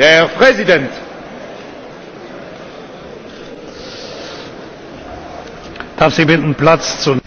Der Präsident. Darf Sie bitten, Platz zu nehmen.